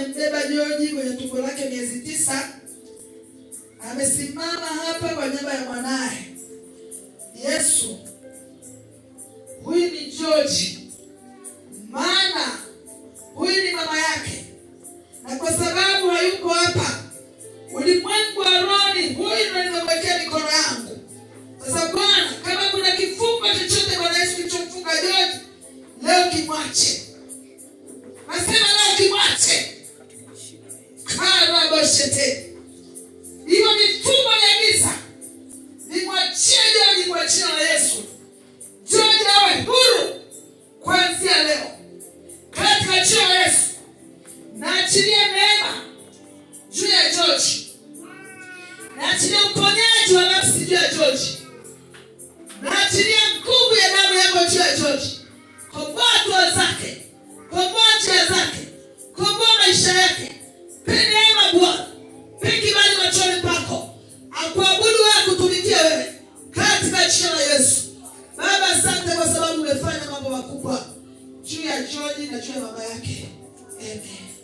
amembeba Joji kwenye tukio lake miezi tisa, amesimama hapa kwa nyumba ya mwanaye Yesu. Huyu ni Joji, maana huyu ni mama yake, na kwa sababu hayuko hapa, ulimwengu wa roni huyu ndiye nimemwekea mikono yangu. Sasa Bwana, kama kuna kifungo chochote Bwana Yesu kilichomfunga Joji, leo kimwache shetani. Hiyo mifumo ya giza nimwachie jani kwa jina la Yesu. George awe huru kuanzia leo katika jina la Yesu. Naachilie neema juu ya joji naachilie uponyaji wa nafsi juu ya George. George na Joy mama yake. Amen.